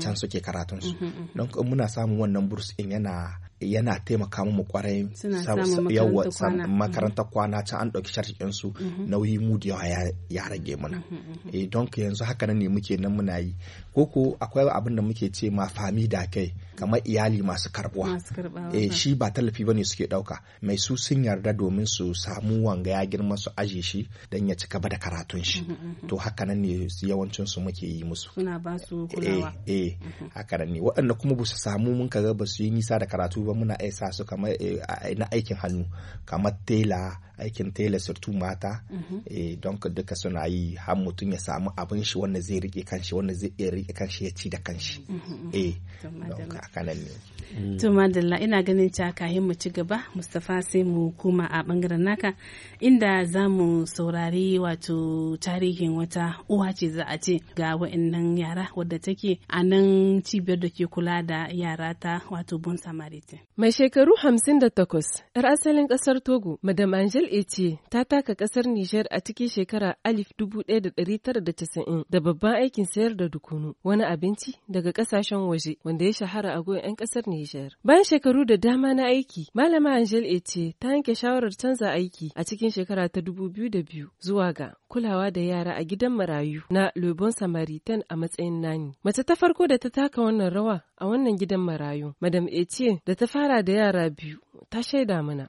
can suke karatun su mm-hmm, mm-hmm. don muna samun wannan burs in yana yana taimaka mu kwarai yawa makaranta kwana can an ɗauki sharkin su mm-hmm. nauyi mu da ya rage mana mm-hmm, mm-hmm. eh don yanzu haka nan ne muke nan muna yi koko akwai abin da muke ce ma fami da kai kamar iyali masu karbuwa eh shi ba tallafi ba bane suke ɗauka mai su sun yarda domin su samu wanga ya girma su aje shi dan ya ci gaba da karatun shi to haka nan ne yawancin su muke yi musu suna ba su kulawa eh, eh haka nan ne waɗanda kuma ba su samu mun kaga ba su yi nisa da karatu ba muna iya sa su kamar eh, na aikin hannu kamar tela aikin tela surtu mata mhm. eh, don duka suna yi har mutum ya samu abin shi wanda zai rike kanshi wanda zai iya rike kanshi ya ci da kanshi mhm, mhm, eh, a don ne mm. to madalla ina ganin ta kayan mu ci gaba mustafa sai mu koma a bangaren naka inda za mu saurari wato tarihin wata uwa ce za a ce ga wa'annan yara wadda take a nan cibiyar da ke kula da yara ta wato bon samaritan Mai shekaru hamsin da takwas, 'yar asalin ƙasar Togo, Madam Angel Ece ta taka ƙasar Nijar a cikin shekara alif dubu ɗaya da ɗari tara da da babban aikin sayar da dukunu, wani abinci daga ƙasashen waje wanda ya shahara a goyon 'yan ƙasar Nijar. Bayan shekaru da dama na aiki, Malama Angel Ece ta yanke shawarar canza aiki a cikin shekara ta dubu biyu zuwa ga kulawa da yara a gidan marayu na lobon Samaritan a matsayin nani. Mace ta farko da ta taka wannan rawa a wannan gidan marayu, Madam Ece da ta ta fara da yara biyu ta shaida mana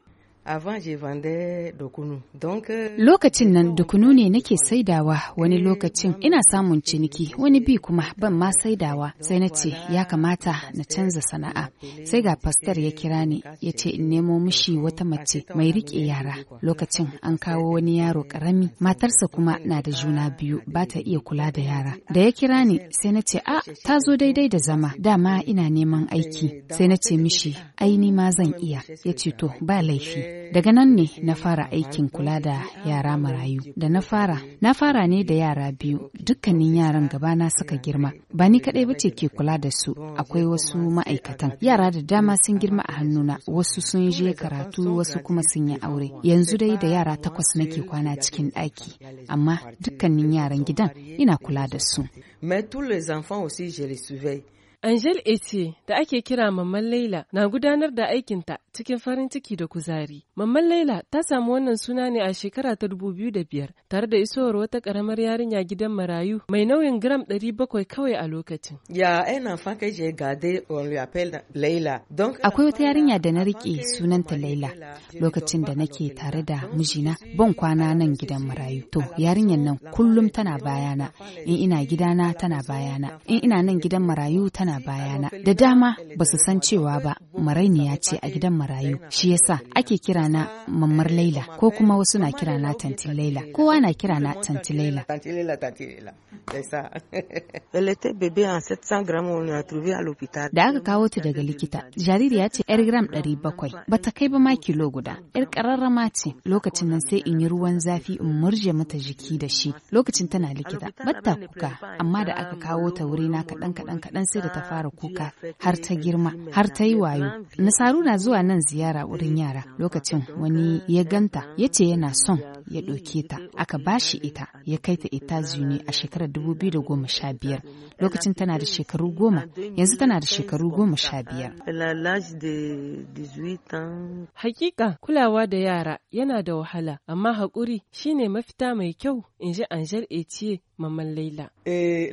Euh, lokacin nan dukunu ne nake saidawa wani eh, lokacin ina samun ciniki wani bi kuma ban ma saidawa sai na ce ya kamata na canza sana'a sai ga pastar ya kira ni ya ce in nemo mishi wata mace mai rike yara lokacin an kawo wani yaro karami euh, matarsa kuma na da juna biyu ba ta iya kula da yara da ya kira ni sai na ce a ah, ta zo daidai da zama dama ina neman aiki sai na ce mishi ah, ai ni ma zan iya ya ce to ba laifi Daga nan ne na fara aikin kula da yara marayu. Da na fara, na fara ne da yara biyu, dukkanin yaran gabana suka girma. Ba ni kaɗai ba ce ke kula da su, akwai wasu ma'aikatan. Yara da dama sun girma a hannuna, wasu sun je karatu, wasu kuma sun yi aure. Yanzu dai da yara takwas nake kwana cikin ɗaki, amma dukkanin yaran gidan ina kula da su. Mais Angel Ece da ake kira Mamman Laila na gudanar da aikinta cikin farin ciki da kuzari. Mamman Laila ta samu wannan suna ne a shekara ta da biyar, tare da isowar wata karamar yarinya gidan marayu mai nauyin gram bakwai kawai a lokacin. Ya ina fanka je gade on Laila. Akwai wata yarinya da na rike sunanta Laila lokacin da nake tare da mijina ban kwana nan gidan marayu. To yarinyar nan kullum tana bayana in ina gidana tana bayana in ina nan gidan marayu tana na bayana da dama ba su san cewa ba marainiya ce a gidan marayu shi yasa ake kira na mammar laila ko kuma wasu na kira na tantin laila kowa na kira na tantin laila da aka kawo ta daga likita jariri ya ce yar gram ɗari 700 bata kai ba ma kilo guda yar kararrama ce lokacin nan sai in yi ruwan zafi in murje mata jiki da shi lokacin tana likita bata kuka amma da aka kawo ta wuri na kaɗan kaɗan kaɗan sai da ta fara kuka har ta girma har ta yi wayo Nasaru. na zuwa nan ziyara wurin yara lokacin wani ya ganta ya ce yana son ya ɗauke ta aka ba shi ita ya kai ta ita zuni a shekarar da 2015 lokacin tana da shekaru goma yanzu tana da shekaru goma sha biyar. Hakika kulawa da yara yana da wahala amma haƙuri shine mafita mai kyau in ji Anjar Etiye Maman Laila. Eh,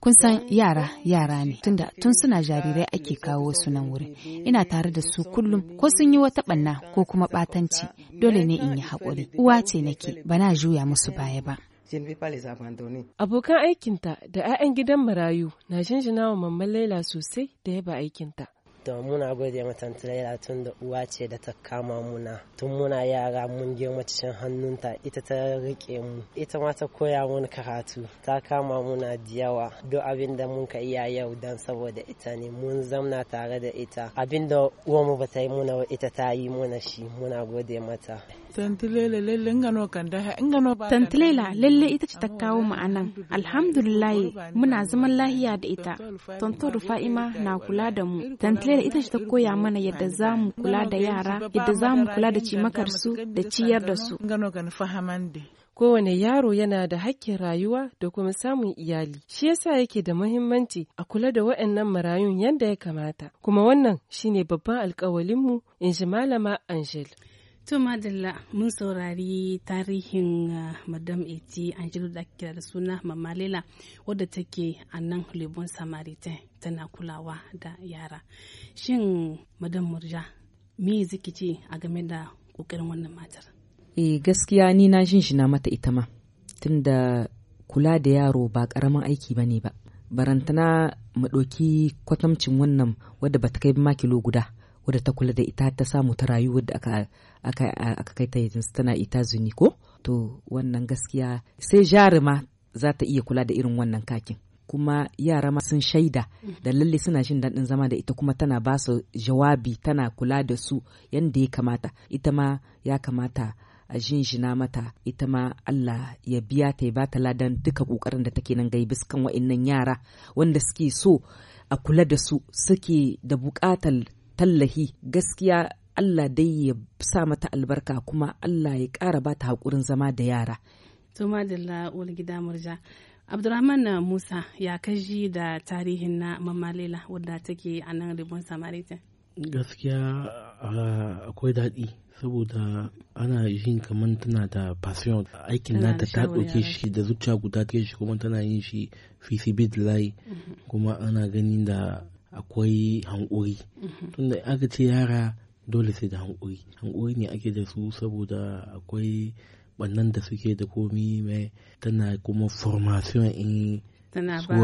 Kun san yara yara ne tunda tun suna jarirai ake kawo su nan wurin ina tare da su kullum ko sun yi wata ɓanna ko kuma ɓatanci dole ne in yi haƙuri. haƙuri uwa ce nake bana juya musu baya ba Abokan aikinta da 'ya'yan gidan marayu na shinshina wa mamman Laila sosai da yaba aikinta. To muna gode mata Laila tun da uwa ce da ta kama muna. Tun muna yara mun je macicin hannunta ita ta rike mu. Ita ma ta koya mun karatu. Ta kama muna diyawa. Duk abin da mun ka iya yau dan saboda ita ne mun zamna tare da ita. Abin da uwa mu ba ta yi muna ita ta yi muna shi muna gode mata. Tantilela lalle ita ce ta kawo mu anan. Alhamdulillah muna zaman lahiya da ita. Tonto Rufa'ima na kula da mu. Tantilela ita ce ta koya mana yadda za mu kula da yara, yadda za mu kula da cimakar da ciyar da su. kowane yaro yana da hakkin rayuwa da kuma samun iyali shi yasa yake da muhimmanci a kula da waɗannan marayun yadda ya kamata kuma wannan shine babban alkawalinmu in ji malama angel To madalla mun saurari tarihin ah, madam eti angelo da kira da suna mama lela wadda take a nan lebon samaritan tana kulawa da yara shin madam murja me ziki ce a game da ƙoƙarin wannan matar eh gaskiya ni na shin shi na mata ita ma tunda kula da yaro ba karamin aiki ba ne ba barantana mu ɗauki kwatamcin wannan wadda ba ta kai ma kilo guda wadda ta kula da ita ta samu ta rayuwar da aka kai ta yanzu tana ita zuni ko to wannan gaskiya sai jaruma za ta iya kula da irin wannan kakin kuma yara ma sun shaida da lalle suna jin daɗin zama da ita kuma tana ba su jawabi tana kula da su yadda ya kamata ita ma ya kamata a jinjina mata ita ma Allah ya biya ta ya bata ladan duka kokarin da take nan gai biskan wa'annan yara wanda suke so a kula da su suke da buƙatar. tallahi gaskiya Allah dai ya sa mata albarka kuma Allah ya ƙara ba ta haƙurin zama da yara. Tuma da la'ul gida murja. Abdurrahman Musa ya kashi da tarihin na Mamalela wadda take a nan ribon Samaritan. Gaskiya ah, akwai daɗi saboda ana yin kamar tana da passion aikin nata ta ɗauke shi da zuciya guda ta shi kuma tana yin shi fisibit lai mhm. kuma ana ganin da akwai hankuri mhm. tunda aka ce yara dole sai da hankuri hankuri ne ake da su saboda akwai bannan da suke da komi mai tana kuma formation in tana ba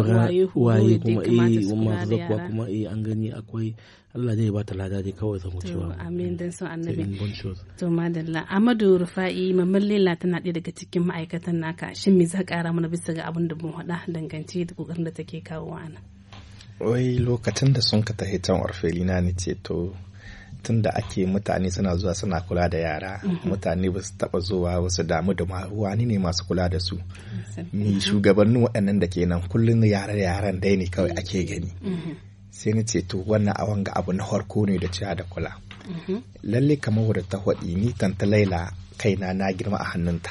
waye kuma eh masu zakuwa kuma eh an gani akwai Allah zai ba ta lada dai kawai zan wucewa amin dan san annabi to madalla Amadu Rufa'i mamman Lela tana ɗaya daga cikin ma'aikatan naka shin me za ƙara mana bisa ga abin da mun haɗa dangance da kokarin da take kawo ana wai lokacin da sun ka tafi can orfelina ne ce to tun da ake mutane suna zuwa suna kula da yara mhm. mutane ba su taba zuwa ba su damu da wani ne masu kula da su ni mhm. shugabannin waɗannan da ke nan kullum yare yaran dai ne kawai mhm. ake gani sai ni ce to wannan a wanga abu na harko ne da ciya da kula lalle kamar wadda ta haɗi ni tanta laila kaina na girma a hannun ta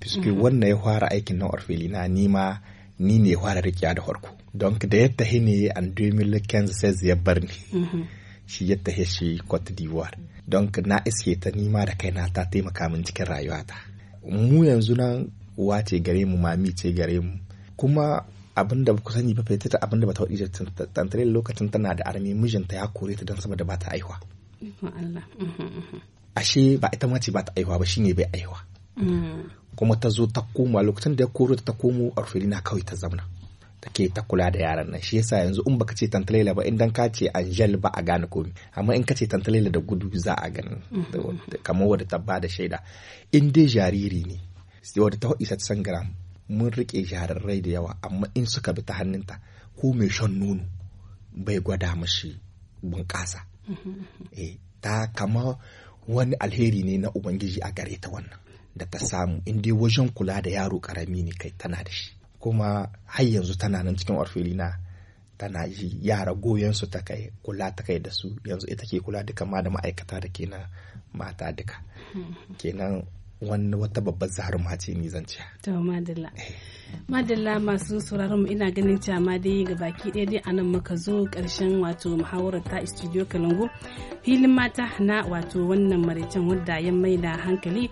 fiske wannan ya fara aikin na orfelina ni ma ni ne fara rikiya da harko donc da ya tahi ne an 2015 ya bar ni mhm. shi ya tahi shi cote d'ivoire donc na iske ta nima da kaina ta taimaka min cikin rayuwata mu yanzu nan uwa ce gare mu mami ce gare mu kuma abin da ku sani ba fita ta abin da bata wadi tantare lokacin tana da armi mijinta ya kore ta don saboda bata aihuwa mhm, mhm. ashe ba ita mace ba ta aihuwa ba shine bai aihuwa kuma ta zo ta koma lokacin da ya koro ta komo na kawai ta zamna take ta kula da yaran nan shi yasa yanzu in baka ce tantalela ba idan ka ce angel ba a gane komi amma in ka ce tantalela da gudu za a gani mm-hmm. kamar wadda ta bada shaida in dai jariri ne wadda ta isa san gram mun rike jararrai da yawa amma in suka bi ta hannunta ko mai shan nono bai gwada mashi bunƙasa mm-hmm. eh ta kama wani alheri ne na ubangiji a gare ta wannan da ta samu in dai wajen kula da yaro karami ne kai tana da shi kuma har yanzu tana nan cikin orfelina tana yi yara goyon su ta kai kula ta kai da su yanzu ita ke kula duka ma da ma'aikata da kenan mata duka hmm. kenan wani wata babbar zahar mace ne zan ce. To madalla. Eh. Madalla masu sauraron mu ina ganin cewa ma dai ga baki ɗaya dai anan muka zo ƙarshen wato muhawarar ta studio Kalangu filin mata na wato wannan maraicen wadda ya mai da hankali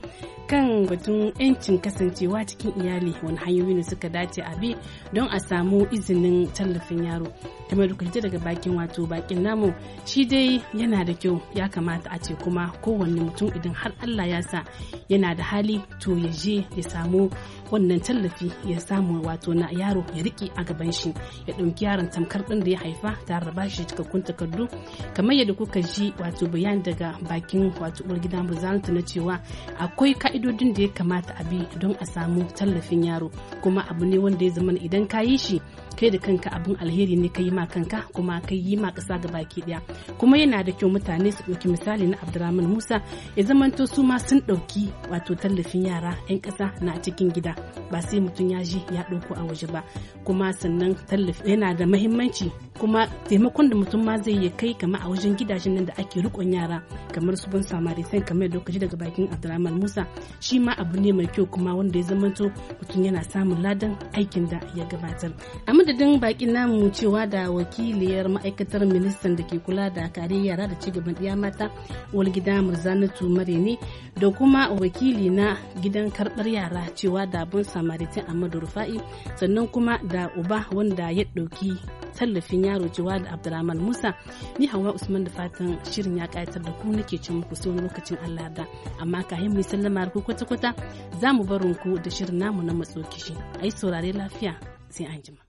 kan batun 'yancin kasancewa cikin iyali wani hanyoyi ne suka dace a bi don a samu izinin tallafin yaro kamar da daga bakin wato bakin namu shi dai yana da kyau ya kamata a ce kuma kowanne mutum idan har Allah ya sa yana da hali to ya je ya samu wannan tallafi ya samu wato na yaro ya riƙe a gaban shi ya ɗauki yaron tamkar ɗin da ya haifa tare da bashi cikakkun takardu kamar yadda kuka ji wato bayan daga bakin wato uwar gida murzantu na cewa akwai ka'idodin da ya kamata a bi don a samu tallafin yaro kuma abu ne wanda ya zama idan ka yi shi kai da kanka abin alheri ne ka yi ma kanka kuma ka yi ma kasa ga baki ɗaya kuma yana da kyau mutane su ɗauki misali na abdurrahman musa ya zamanto su ma sun ɗauki wato tallafin yara 'yan kasa na cikin gida ba sai mutum ya ji ya ɗauko a waje ba kuma sannan tallafi yana da mahimmanci kuma taimakon da mutum ma zai yi kai kama a wajen gidajen nan da ake rikon yara kamar su ban samari sai kamar lokaci daga bakin abdurrahman musa shi ma abu ne mai kyau kuma wanda ya zamanto mutum yana samun ladan aikin da ya gabatar amma madadin bakin namu cewa da wakiliyar ma'aikatar ministan da ke kula da kare yara da cigaban ɗiya mata walgida murzanatu mare ne da kuma wakili na gidan karɓar yara cewa da bun samaritin amadu rufa'i sannan kuma da uba wanda ya ɗauki tallafin yaro cewa da abdulrahman musa ni hawa usman da fatan shirin ya ƙayatar da ku nake cin muku sai lokacin allah da amma kayan mu sallama ku kwata-kwata za mu barinku da shirin namu na matsokishi ai saurare lafiya sai an jima.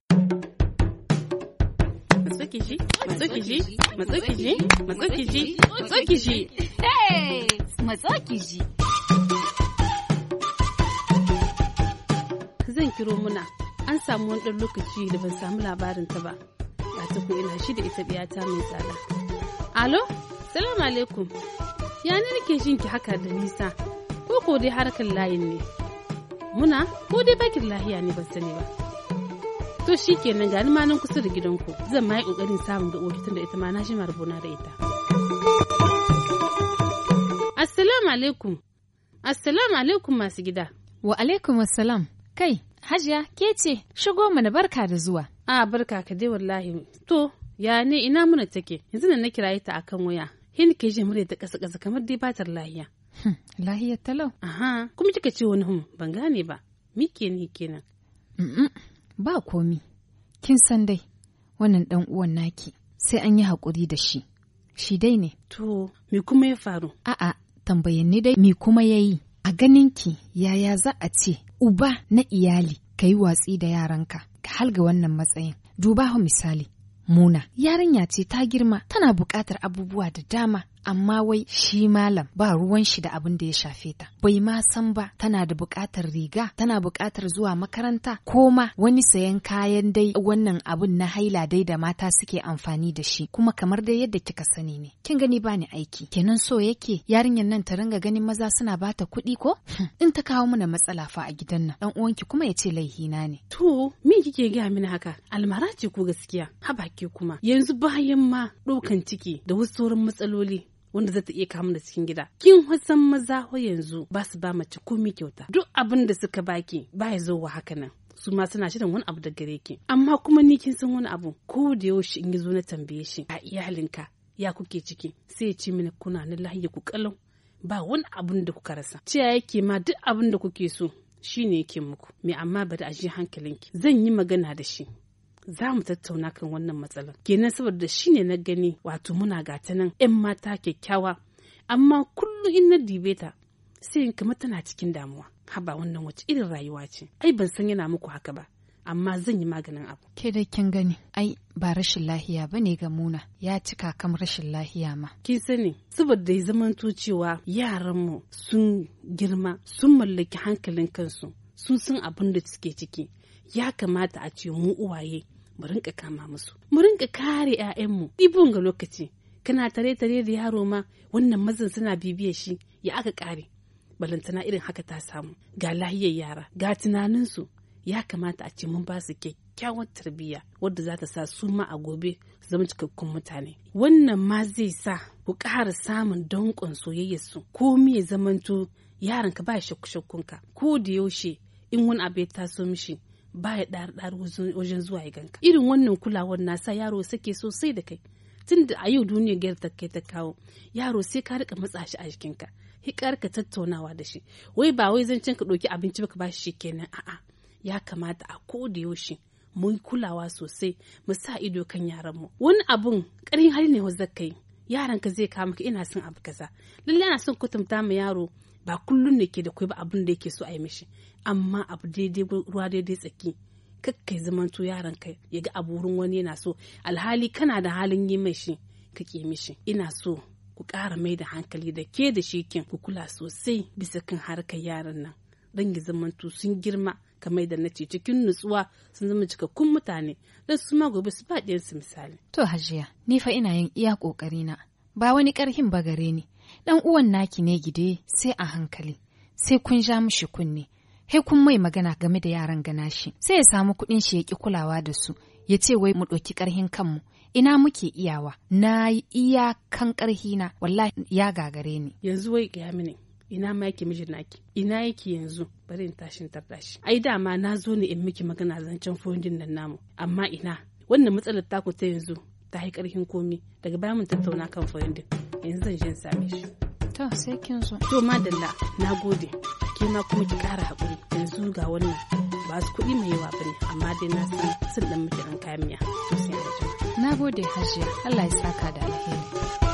matsukiji matsukiji zan kiro muna an samu wani ɗan lokaci da ban samu labarin ta ba ba ta ko ina shi da ita biyata mai tsada alo salamu alaikum ya ne nake jin ki haka da nisa ko ko dai harkar layin ne muna ko dai bakin lahiya ne ban sani ba to shi kenan ga ma nan kusa da gidanku zan ma yi ƙoƙarin samun ga ofitin da ita ma na shi rubuna da ita. Assalamu alaikum. Assalamu alaikum masu gida. Wa alaikum assalam. Kai, Hajiya, ke ce, shigo mana barka da zuwa. A barka ka dai wallahi. To, ya ne ina muna take yanzu na kiraye ta akan waya hin ke je mure ta kasa kasa kamar dai batar lahiya hm, lahiyar talau aha kuma kika ce wani hum ban gane ba mike ne kenan ba komi kin san dai wannan dan uwan naki sai an yi haƙuri da shi shi dai ne to me kuma ya faru a'a ni dai me kuma ya yi? a ganin ki, yaya za a ce uba na iyali ka yi watsi da yaranka ka halga wannan matsayin duba misali muna yarinya ce ta girma tana buƙatar abubuwa da dama amma wai shi malam ba ruwan shi da abin da ya shafe ta bai ma san ba tana da buƙatar riga tana buƙatar zuwa makaranta ko ma wani sayan kayan dai wannan abun na haila dai da mata suke amfani da shi kuma kamar dai yadda kika sani ne kin gani ba ni aiki kenan so yake yarinyar nan ta ringa ganin maza suna bata kuɗi ko hmm. in ta kawo mana matsala fa a gidan nan dan uwanki kuma ya ce na ne to me kike gaya mini haka almara ce ko gaskiya haba ke kuma yanzu bayan ma ɗaukan ciki da wasu sauran matsaloli wanda zata iya kawo da cikin gida kin wasan maza yanzu ba su ba mace komai kyauta duk abin da suka baki ba ya zo wa haka nan su ma suna shirin wani abu da gare ki amma kuma ni kin san wani abu ko da yaushe in zo na tambaye shi a iyalinka ya kuke ciki sai ya ce mini kuna na lahiya ku kalau ba wani abun da kuka rasa ciya yake ma duk abun da kuke so shine yake muku me amma bari a hankalinki zan yi magana da shi za mu tattauna kan wannan matsalar kenan saboda shi ne na gani wato muna gata nan 'yan mata kyakkyawa amma kullum in na dibe ta sai kamar tana cikin damuwa haba wannan wace irin rayuwa ce ai ban san yana muku haka ba amma zan yi maganin abu. Ke da kin gani, ai ba rashin lahiya ba ne ga muna ya cika kam rashin lahiya ma. Kin sani, saboda ya zamanto cewa yaranmu sun girma, sun mallaki hankalin kansu, sun san abin da suke ciki. Ya kamata a ce mu uwaye mu rinka kama musu mu rinka kare 'ya'yanmu ibun ga lokaci kana tare tare da yaro ma wannan mazan suna bibiye shi ya aka kare balantana irin haka ta samu ga lahiyar yara ga tunaninsu ya kamata a ce mun ba su kyakkyawar tarbiyya wadda za ta sa su ma a gobe su zama cikakkun mutane wannan ma zai sa ku ƙara samun danƙon su. ko me zamanto ka ba shakku shakkunka ko da yaushe in wani abu ya taso mishi baya ɗar-ɗar wajen zuwa ya ganka irin wannan kulawar na sa yaro sake sosai da kai tun da a yau duniyar gyar ta kai ta kawo yaro sai ka rika matsa shi a jikinka hikar ka tattaunawa da shi wai ba wai zan zancen ka ɗauki abinci ba ka ba shi kenan a'a ya kamata a ko da yaushe mun kulawa sosai mu sa ido kan yaran mu wani abun ƙarin hali ne wa zakai yaran ka zai kama ka ina son abu kaza lalle ana son kwatanta ma yaro ba kullum ne ke da kwai ba abin da yake so a yi mishi amma abu daidai ruwa daidai tsaki kakkai zamanto yaran ka ya ga abu wurin wani yana so alhali kana da halin yi mai shi ka ke mishi ina so ku ƙara mai da hankali da ke da shi kin ku kula sosai bisa kan harkar yaran nan don zamantu sun girma kamar da na ce cikin nutsuwa sun zama cikakkun mutane don su ma gobe su faɗiyarsu misali. To hajiya, ni fa ina yin iya na ba wani ƙarhin ba gare ni ɗan uwan naki ne gide sai a hankali sai kun ja mushi kunne sai kun mai magana game da yaran gana shi sai ya samu kuɗin shi ya ki kulawa da su ya ce wai mu ɗauki ƙarhin kanmu ina muke iyawa na iya kan ƙarhi na wallahi ya gagare ni yanzu wai ya mini ina ma yake mijin naki ina yake yanzu bari in tashin tardashi ai dama na zo ne in miki magana zancen fondin nan namu amma ina wannan matsalar taku ta yanzu ta yi ƙarhin komi daga bayan mun tattauna kan fondin yanzu zan je same shi to sai kin zo to madalla na gode ke ma kuma ki kara haƙuri yanzu ga wannan ba su kuɗi mai yawa bane amma dai na san sun dan miki an kayan miya na gode hajiya Allah ya saka da alheri